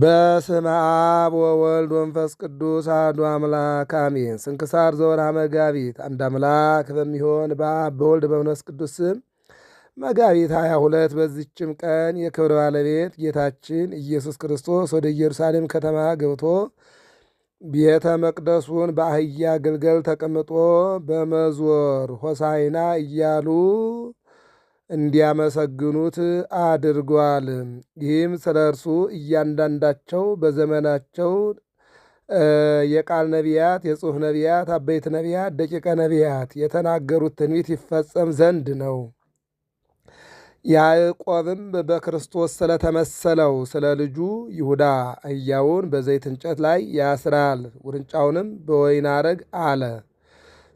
በስመ አብ ወወልድ ወንፈስ ቅዱስ አሐዱ አምላክ አሜን። ስንክሳር ዘወርኀ መጋቢት። አንድ አምላክ በሚሆን በአብ በወልድ በመንፈስ ቅዱስ ስም መጋቢት ሀያ ሁለት በዚችም ቀን የክብር ባለቤት ጌታችን ኢየሱስ ክርስቶስ ወደ ኢየሩሳሌም ከተማ ገብቶ ቤተ መቅደሱን በአህያ ግልገል ተቀምጦ በመዞር ሆሳይና እያሉ እንዲያመሰግኑት አድርጓል። ይህም ስለ እርሱ እያንዳንዳቸው በዘመናቸው የቃል ነቢያት፣ የጽሑፍ ነቢያት፣ አበይት ነቢያት፣ ደቂቀ ነቢያት የተናገሩት ትንቢት ይፈጸም ዘንድ ነው። ያዕቆብም በክርስቶስ ስለተመሰለው ስለ ልጁ ይሁዳ አህያውን በዘይት እንጨት ላይ ያስራል፣ ውርንጫውንም በወይን አረግ አለ።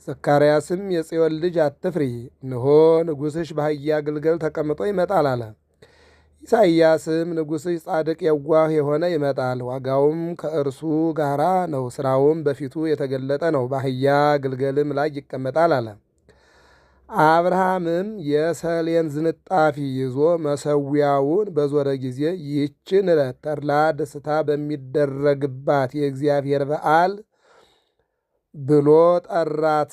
ዘካርያስም የጽዮን ልጅ አትፍሪ፣ ንሆ ንጉሥሽ በአህያ ግልገል ተቀምጦ ይመጣል አለ። ኢሳይያስም ንጉሥሽ ጻድቅ የዋህ የሆነ ይመጣል፣ ዋጋውም ከእርሱ ጋራ ነው፣ ሥራውም በፊቱ የተገለጠ ነው፣ በአህያ ግልገልም ላይ ይቀመጣል አለ። አብርሃምም የሰሌን ዝንጣፊ ይዞ መሰዊያውን በዞረ ጊዜ ይህችን ዕለት ተድላ ደስታ በሚደረግባት የእግዚአብሔር በዓል ብሎ ጠራት።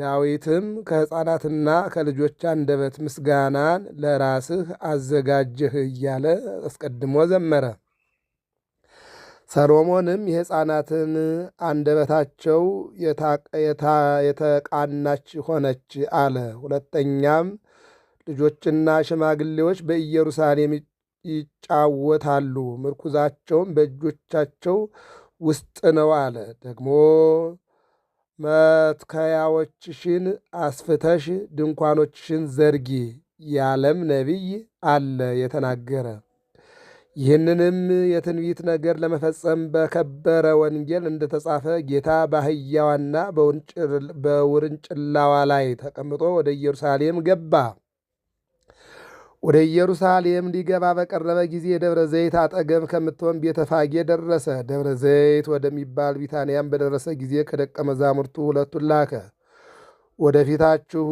ዳዊትም ከሕፃናትና ከልጆች አንደበት ምስጋናን ለራስህ አዘጋጀህ እያለ አስቀድሞ ዘመረ። ሰሎሞንም የሕፃናትን አንደበታቸው የተቃናች ሆነች አለ። ሁለተኛም ልጆችና ሽማግሌዎች በኢየሩሳሌም ይጫወታሉ፣ ምርኩዛቸውም በእጆቻቸው ውስጥ ነው አለ። ደግሞ መትከያዎችሽን አስፍተሽ ድንኳኖችሽን ዘርጊ ያለም ነቢይ አለ የተናገረ። ይህንንም የትንቢት ነገር ለመፈጸም በከበረ ወንጌል እንደተጻፈ ጌታ በአህያዋና በውርንጭላዋ ላይ ተቀምጦ ወደ ኢየሩሳሌም ገባ። ወደ ኢየሩሳሌም ሊገባ በቀረበ ጊዜ ደብረ ዘይት አጠገብ ከምትሆን ቤተፋጌ ደረሰ። ደብረ ዘይት ወደሚባል ቢታንያም በደረሰ ጊዜ ከደቀ መዛሙርቱ ሁለቱን ላከ። ወደፊታችሁ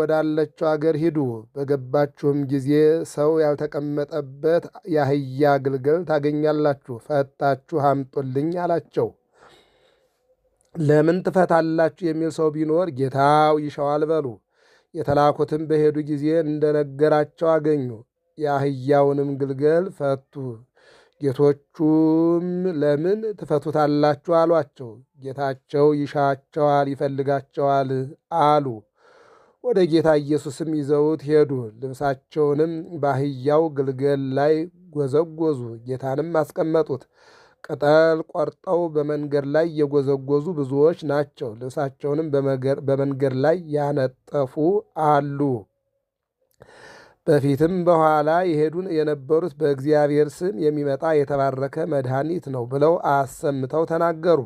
ወዳለችው አገር ሂዱ። በገባችሁም ጊዜ ሰው ያልተቀመጠበት የአህያ ግልገል ታገኛላችሁ፣ ፈታችሁ አምጡልኝ አላቸው። ለምን ትፈታላችሁ የሚል ሰው ቢኖር ጌታው ይሸዋል በሉ። የተላኩትም በሄዱ ጊዜ እንደነገራቸው አገኙ። የአህያውንም ግልገል ፈቱ። ጌቶቹም ለምን ትፈቱታላችሁ? አሏቸው። ጌታቸው ይሻቸዋል፣ ይፈልጋቸዋል አሉ። ወደ ጌታ ኢየሱስም ይዘውት ሄዱ። ልብሳቸውንም በአህያው ግልገል ላይ ጎዘጎዙ፣ ጌታንም አስቀመጡት። ቅጠል ቆርጠው በመንገድ ላይ የጎዘጎዙ ብዙዎች ናቸው። ልብሳቸውንም በመንገድ ላይ ያነጠፉ አሉ። በፊትም በኋላ የሄዱን የነበሩት በእግዚአብሔር ስም የሚመጣ የተባረከ መድኃኒት ነው ብለው አሰምተው ተናገሩ።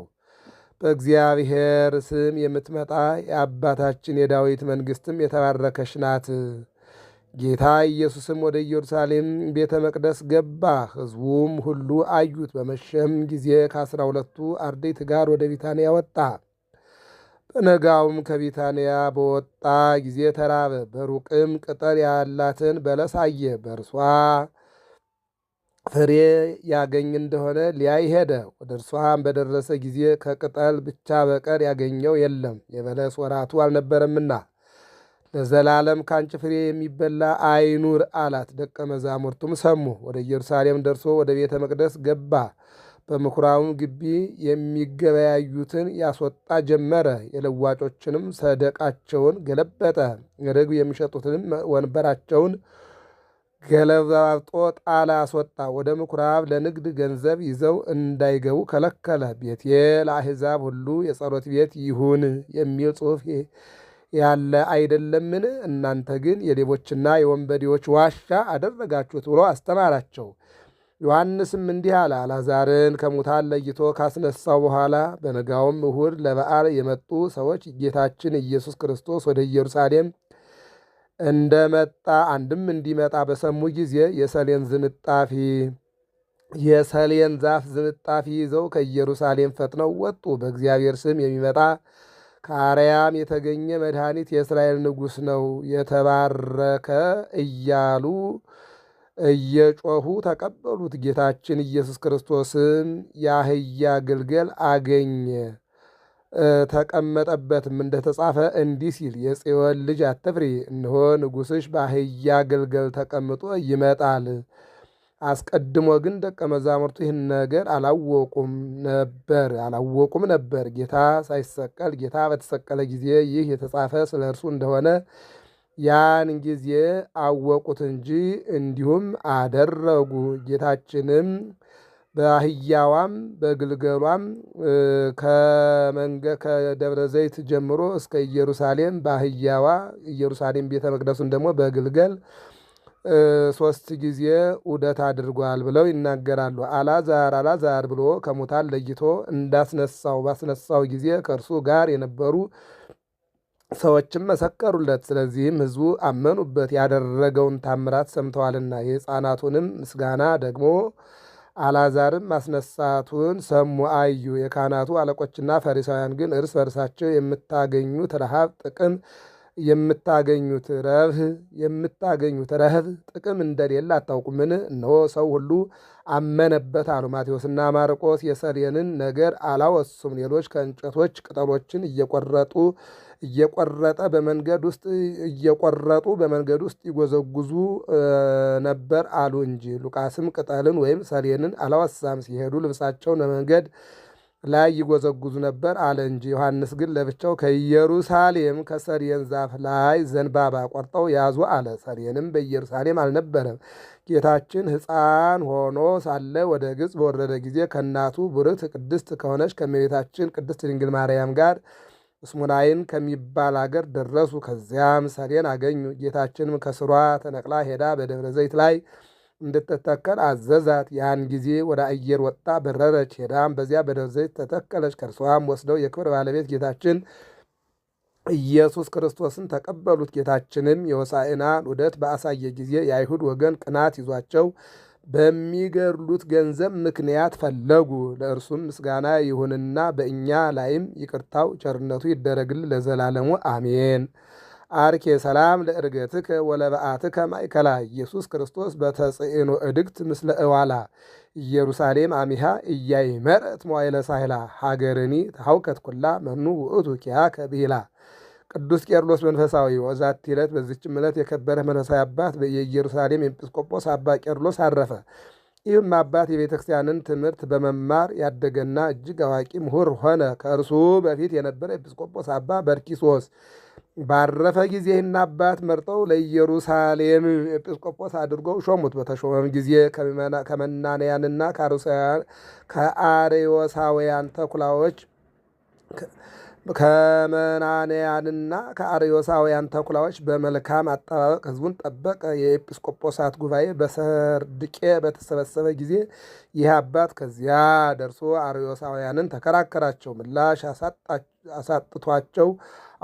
በእግዚአብሔር ስም የምትመጣ የአባታችን የዳዊት መንግሥትም የተባረከች ናት። ጌታ ኢየሱስም ወደ ኢየሩሳሌም ቤተ መቅደስ ገባ። ሕዝቡም ሁሉ አዩት። በመሸም ጊዜ ከአስራ ሁለቱ አርድእት ጋር ወደ ቢታንያ ወጣ። በነጋውም ከቢታንያ በወጣ ጊዜ ተራበ። በሩቅም ቅጠል ያላትን በለስ አየ። በእርሷ ፍሬ ያገኝ እንደሆነ ሊያይ ሄደ። ወደ እርሷም በደረሰ ጊዜ ከቅጠል ብቻ በቀር ያገኘው የለም፣ የበለስ ወራቱ አልነበረምና ለዘላለም ከአንቺ ፍሬ የሚበላ አይኑር አላት። ደቀ መዛሙርቱም ሰሙ። ወደ ኢየሩሳሌም ደርሶ ወደ ቤተ መቅደስ ገባ። በምኩራቡ ግቢ የሚገበያዩትን ያስወጣ ጀመረ። የለዋጮችንም ሰደቃቸውን ገለበጠ። ርግብ የሚሸጡትንም ወንበራቸውን ገለባብጦ ጣለ፣ አስወጣ። ወደ ምኩራብ ለንግድ ገንዘብ ይዘው እንዳይገቡ ከለከለ። ቤቴ ለአሕዛብ ሁሉ የጸሎት ቤት ይሁን የሚል ጽሑፍ ያለ አይደለምን? እናንተ ግን የሌቦችና የወንበዴዎች ዋሻ አደረጋችሁት ብሎ አስተማራቸው። ዮሐንስም እንዲህ አለ። አልዓዛርን ከሙታን ለይቶ ካስነሳው በኋላ በነጋውም እሁድ ለበዓል የመጡ ሰዎች ጌታችን ኢየሱስ ክርስቶስ ወደ ኢየሩሳሌም እንደመጣ አንድም እንዲመጣ በሰሙ ጊዜ የሰሌን ዝንጣፊ የሰሌን ዛፍ ዝንጣፊ ይዘው ከኢየሩሳሌም ፈጥነው ወጡ። በእግዚአብሔር ስም የሚመጣ ከአርያም የተገኘ መድኃኒት የእስራኤል ንጉሥ ነው የተባረከ እያሉ እየጮኹ ተቀበሉት። ጌታችን ኢየሱስ ክርስቶስም የአህያ ግልገል አገኘ ተቀመጠበትም። እንደተጻፈ እንዲህ ሲል የጽዮን ልጅ አትፍሪ፣ እንሆ ንጉሥሽ በአህያ ግልገል ተቀምጦ ይመጣል። አስቀድሞ ግን ደቀ መዛሙርቱ ይህን ነገር አላወቁም ነበር አላወቁም ነበር። ጌታ ሳይሰቀል ጌታ በተሰቀለ ጊዜ ይህ የተጻፈ ስለ እርሱ እንደሆነ ያን ጊዜ አወቁት እንጂ እንዲሁም አደረጉ። ጌታችንም በአህያዋም በግልገሏም ከመንገ ከደብረ ዘይት ጀምሮ እስከ ኢየሩሳሌም በአህያዋ ኢየሩሳሌም ቤተ መቅደሱን ደግሞ በግልገል ሶስት ጊዜ ውደት አድርጓል ብለው ይናገራሉ። አላዛር አላዛር ብሎ ከሙታን ለይቶ እንዳስነሳው ባስነሳው ጊዜ ከእርሱ ጋር የነበሩ ሰዎችም መሰከሩለት። ስለዚህም ሕዝቡ አመኑበት፣ ያደረገውን ታምራት ሰምተዋልና። የሕፃናቱንም ምስጋና ደግሞ አላዛርም ማስነሳቱን ሰሙ አዩ። የካህናቱ አለቆችና ፈሪሳውያን ግን እርስ በርሳቸው የምታገኙት ረሃብ ጥቅም የምታገኙት ረብህ የምታገኙት ረህብ ጥቅም እንደሌለ አታውቁምን? እነሆ ሰው ሁሉ አመነበት አሉ። ማቴዎስና ማርቆስ የሰሌንን ነገር አላወሱም። ሌሎች ከእንጨቶች ቅጠሎችን እየቆረጡ እየቆረጠ በመንገድ ውስጥ እየቆረጡ በመንገድ ውስጥ ይጎዘጉዙ ነበር አሉ እንጂ ሉቃስም ቅጠልን ወይም ሰሌንን አላወሳም። ሲሄዱ ልብሳቸውን በመንገድ ላይ ይጎዘጉዙ ነበር አለ እንጂ። ዮሐንስ ግን ለብቻው ከኢየሩሳሌም ከሰሬን ዛፍ ላይ ዘንባባ ቆርጠው ያዙ አለ። ሰሬንም በኢየሩሳሌም አልነበረም። ጌታችን ሕፃን ሆኖ ሳለ ወደ ግብፅ በወረደ ጊዜ ከእናቱ ብርት ቅድስት ከሆነች ከእመቤታችን ቅድስት ድንግል ማርያም ጋር እስሙናይን ከሚባል አገር ደረሱ። ከዚያም ሰሬን አገኙ። ጌታችንም ከስሯ ተነቅላ ሄዳ በደብረ ዘይት ላይ እንድትተከል አዘዛት። ያን ጊዜ ወደ አየር ወጣ፣ በረረች፣ ሄዳም በዚያ በደብረ ዘይት ተተከለች። ከእርሷም ወስደው የክብር ባለቤት ጌታችን ኢየሱስ ክርስቶስን ተቀበሉት። ጌታችንም የሆሳዕናን ውደት በአሳየ ጊዜ የአይሁድ ወገን ቅናት ይዟቸው በሚገድሉት ገንዘብ ምክንያት ፈለጉ። ለእርሱም ምስጋና ይሁንና በእኛ ላይም ይቅርታው ቸርነቱ ይደረግል ለዘላለሙ አሜን። አርኬ ሰላም ለእርገትከ ወለበአትከ ማይከላ ኢየሱስ ክርስቶስ በተጽዕኖ እድግት ምስለ እዋላ ኢየሩሳሌም አሚሃ እያይ መርት መዋይለ ሳይላ ሀገርኒ ታውከት ኩላ መኑ ውእቱ ኪያ ከብሂላ ቅዱስ ቄርሎስ መንፈሳዊ ወዛት ይለት በዚችም ዕለት የከበረ መንፈሳዊ አባት የኢየሩሳሌም ኤጲስቆጶስ አባ ቄርሎስ አረፈ። ይህም አባት የቤተ ክርስቲያንን ትምህርት በመማር ያደገና እጅግ አዋቂ ምሁር ሆነ። ከእርሱ በፊት የነበረ ኤጲስቆጶስ አባ በርኪሶስ ባረፈ ጊዜ ይህን አባት መርጠው ለኢየሩሳሌም ኤጲስቆጶስ አድርገው ሾሙት። በተሾመም ጊዜ ከመናንያንና ከአሬዮሳውያን ተኩላዎች ከመናንያንና ከአርዮሳውያን ተኩላዎች በመልካም አጠባበቅ ህዝቡን ጠበቀ። የኤጲስቆጶሳት ጉባኤ በሰርድቄ በተሰበሰበ ጊዜ ይህ አባት ከዚያ ደርሶ አርዮሳውያንን ተከራከራቸው። ምላሽ አሳጥቷቸው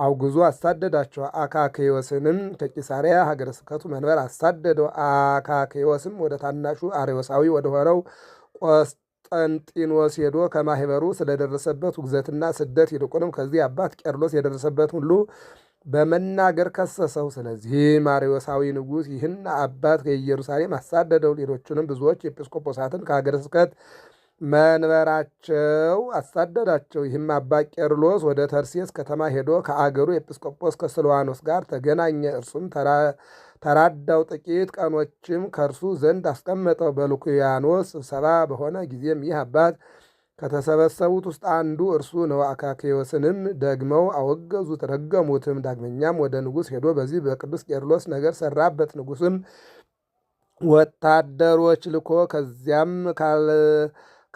አውግዞ አሳደዳቸው። አካክዮስንም ከቂሳሪያ ሀገረ ስብከቱ መንበር አሳደደው። አካክዮስም ወደ ታናሹ አርዮሳዊ ወደሆነው ቆስ ቆስጠንጢኖስ ሄዶ ከማህበሩ ስለደረሰበት ውግዘትና ስደት ይልቁንም ከዚህ አባት ቄርሎስ የደረሰበት ሁሉ በመናገር ከሰሰው። ስለዚህ ማሪዮሳዊ ንጉሥ ይህን አባት ከኢየሩሳሌም አሳደደው። ሌሎቹንም ብዙዎች ኤጲስቆጶሳትን ከሀገረ ስብከት መንበራቸው አሳደዳቸው። ይህም አባ ቄርሎስ ወደ ተርሴስ ከተማ ሄዶ ከአገሩ ኤጲስቆጶስ ከስልዋኖስ ጋር ተገናኘ። እርሱም ተራ ተራዳው። ጥቂት ቀኖችም ከእርሱ ዘንድ አስቀመጠው። በሉክያኖስ ስብሰባ በሆነ ጊዜም ይህ አባት ከተሰበሰቡት ውስጥ አንዱ እርሱ ነው። አካኬዎስንም ደግመው አወገዙት፣ ረገሙትም። ዳግመኛም ወደ ንጉሥ ሄዶ በዚህ በቅዱስ ቄርሎስ ነገር ሰራበት። ንጉሥም ወታደሮች ልኮ ከዚያም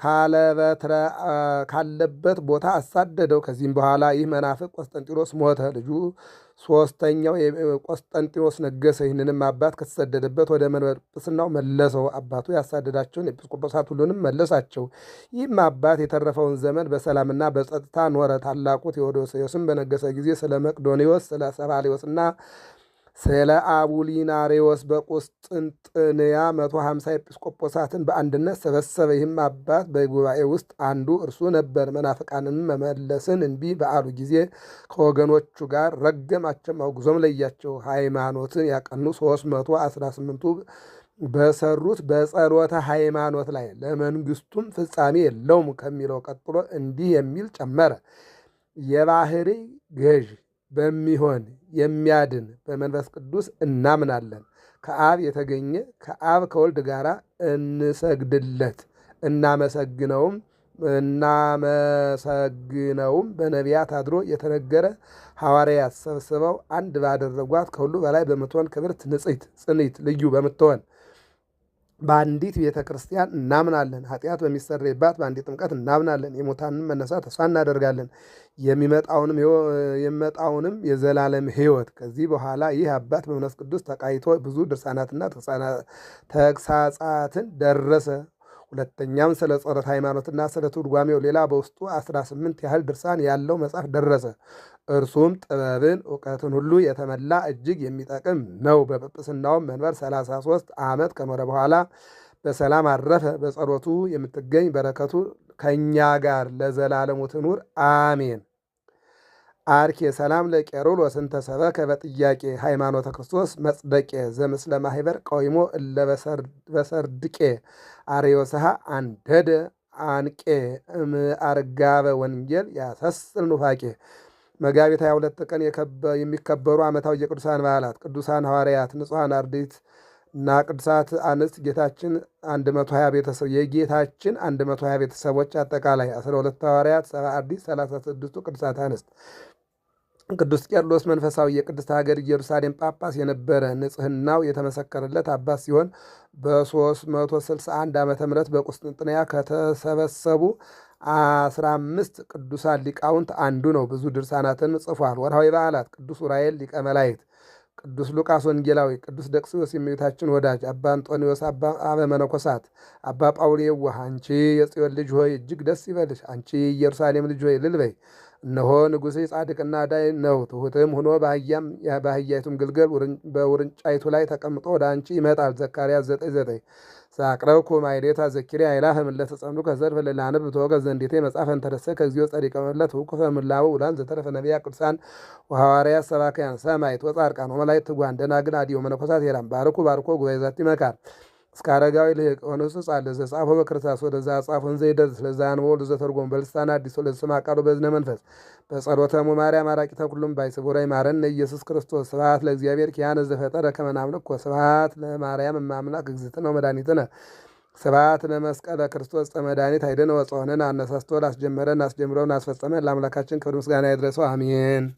ካለበት ቦታ አሳደደው። ከዚህም በኋላ ይህ መናፍቅ ቆስጠንጢኖስ ሞተ። ልጁ ሶስተኛው ቆስጠንጢኖስ ነገሰ። ይህንንም አባት ከተሰደደበት ወደ መንበረ ጵጵስናው መለሰው። አባቱ ያሳደዳቸውን ኤጲስቆጶሳት ሁሉንም መለሳቸው። ይህም አባት የተረፈውን ዘመን በሰላምና በጸጥታ ኖረ። ታላቁ ቴዎዶስዮስም በነገሰ ጊዜ ስለ መቅዶኒዎስ፣ ስለ ሰባሌዎስና ስለ አቡሊናሪዎስ በቁስጥንጥንያ መቶ ሀምሳ ኤጲስቆጶሳትን በአንድነት ሰበሰበ። ይህም አባት በጉባኤ ውስጥ አንዱ እርሱ ነበር። መናፍቃንም መመለስን እንቢ በአሉ ጊዜ ከወገኖቹ ጋር ረገማቸው፣ አውግዞም ለያቸው። ሃይማኖትን ያቀኑ ሦስት መቶ አስራ ስምንቱ በሰሩት በጸሎተ ሃይማኖት ላይ ለመንግስቱም ፍጻሜ የለውም ከሚለው ቀጥሎ እንዲህ የሚል ጨመረ የባህሪ ገዥ በሚሆን የሚያድን በመንፈስ ቅዱስ እናምናለን። ከአብ የተገኘ ከአብ ከወልድ ጋር እንሰግድለት፣ እናመሰግነውም እናመሰግነውም በነቢያት አድሮ የተነገረ ሐዋርያት ሰብስበው አንድ ባደረጓት ከሁሉ በላይ በምትሆን ክብርት ንጽሕት ጽኒት ልዩ በምትሆን በአንዲት ቤተ ክርስቲያን እናምናለን። ኃጢአት በሚሰረይባት በአንዲት ጥምቀት እናምናለን። የሙታንም መነሳት ተስፋ እናደርጋለን። የሚመጣውንም የሚመጣውንም የዘላለም ሕይወት። ከዚህ በኋላ ይህ አባት በመንፈስ ቅዱስ ተቃይቶ ብዙ ድርሳናትና ተግሳጻትን ደረሰ። ሁለተኛም ስለ ጸሎት ሃይማኖትና ስለ ትርጓሜው ሌላ በውስጡ 18 ያህል ድርሳን ያለው መጽሐፍ ደረሰ። እርሱም ጥበብን እውቀትን ሁሉ የተመላ እጅግ የሚጠቅም ነው። በጵጵስናውም መንበር 33 ዓመት ከኖረ በኋላ በሰላም አረፈ። በጸሎቱ የምትገኝ በረከቱ ከእኛ ጋር ለዘላለሙ ትኑር አሜን። አርኬ ሰላም ለቄሩል ወስንተ ሰበከ በጥያቄ ሃይማኖተ ክርስቶስ መጽደቄ ዘምስለ ማህበር ቀይሞ እለበሰርድቄ አርዮሰሃ አንደደ አንቄ አርጋበ ወንጌል ያሰስል ኑፋቄ። መጋቢት 22 ቀን የሚከበሩ ዓመታዊ የቅዱሳን በዓላት ቅዱሳን ሐዋርያት፣ ንጹሐን አርድእት እና ቅዱሳት አንስት ጌታችን 120 ቤተሰብ የጌታችን 120 ቤተሰቦች አጠቃላይ 12 ሐዋርያት፣ 7 አርድእት፣ 36ቱ ቅዱሳት አንስት ቅዱስ ቄርሎስ መንፈሳዊ የቅድስት ሀገር ኢየሩሳሌም ጳጳስ የነበረ ንጽህናው የተመሰከረለት አባት ሲሆን በ361 ዓ ም በቁስጥንጥንያ ከተሰበሰቡ አስራ ቅዱሳን ሊቃውንት አንዱ ነው። ብዙ ድርሳናትን ጽፏል። ወርሃዊ በዓላት ቅዱስ ዑራኤል ሊቀ መላእክት፣ ቅዱስ ሉቃስ ወንጌላዊ፣ ቅዱስ ደቅስዮስ የእመቤታችን ወዳጅ፣ አባ አንጦኒዎስ አበ መነኮሳት፣ አባ ጳውሌ የዋህ አንቺ የጽዮን ልጅ ሆይ እጅግ ደስ ይበልሽ፣ አንቺ የኢየሩሳሌም ልጅ ሆይ ልልበይ እነሆ ንጉሴ ጻድቅና ዳይ ነው፣ ትሑትም ሆኖ በአህያይቱም ግልገል በውርንጫይቱ ላይ ተቀምጦ ወደ አንቺ ይመጣል። ዘካርያ ዘጠኝ ዘጠኝ ሳቅረብ ኩማይዴታ ዘኪሪ አይላ ህምለት ተጸምዱ ከዘርፍ ልላንብ ብትወገ ዘንዴቴ መጽሐፍ እንተደሰ ከዚዮ ጸሪቀ መለት ውቁፈ ምላቡ ውላን ዘተረፈ ነቢያ ቅዱሳን ወሐዋርያ ሰባክያን ሰማይት ወጻርቃን ወመላይት ትጓን ደናግን አዲዮ መነኮሳት ሄራም ባርኩ ባርኮ ጉባኤ ዛቲ መካር እስከ አረጋዊ ሊቀኖስስ አለ ዘጻፎ በክርታስ ወደዛ ጻፈን ዘይደርስ ለዛ አንቦ ለዘተርጎም በልሳን አዲስ ወለዝስማ ቃሉ በዝነ መንፈስ በጸሎተሙ ማርያም አራቂተ ኩሉም ባይስቡራ ማረን ኢየሱስ ክርስቶስ ስብሐት ለእግዚአብሔር ኪያነ ዘፈጠረ ከመ ናምልኮ ስብሐት ለማርያም እመ አምላክ እግዝእትነ ወመድኃኒትነ ስብሐት ለመስቀለ ክርስቶስ መድኃኒት አይደነ ወጽሆንን አነሳስቶ ላስጀመረን አስጀምረውን አስፈጸመን ለአምላካችን ክብር ምስጋና ይድረሰው አሜን።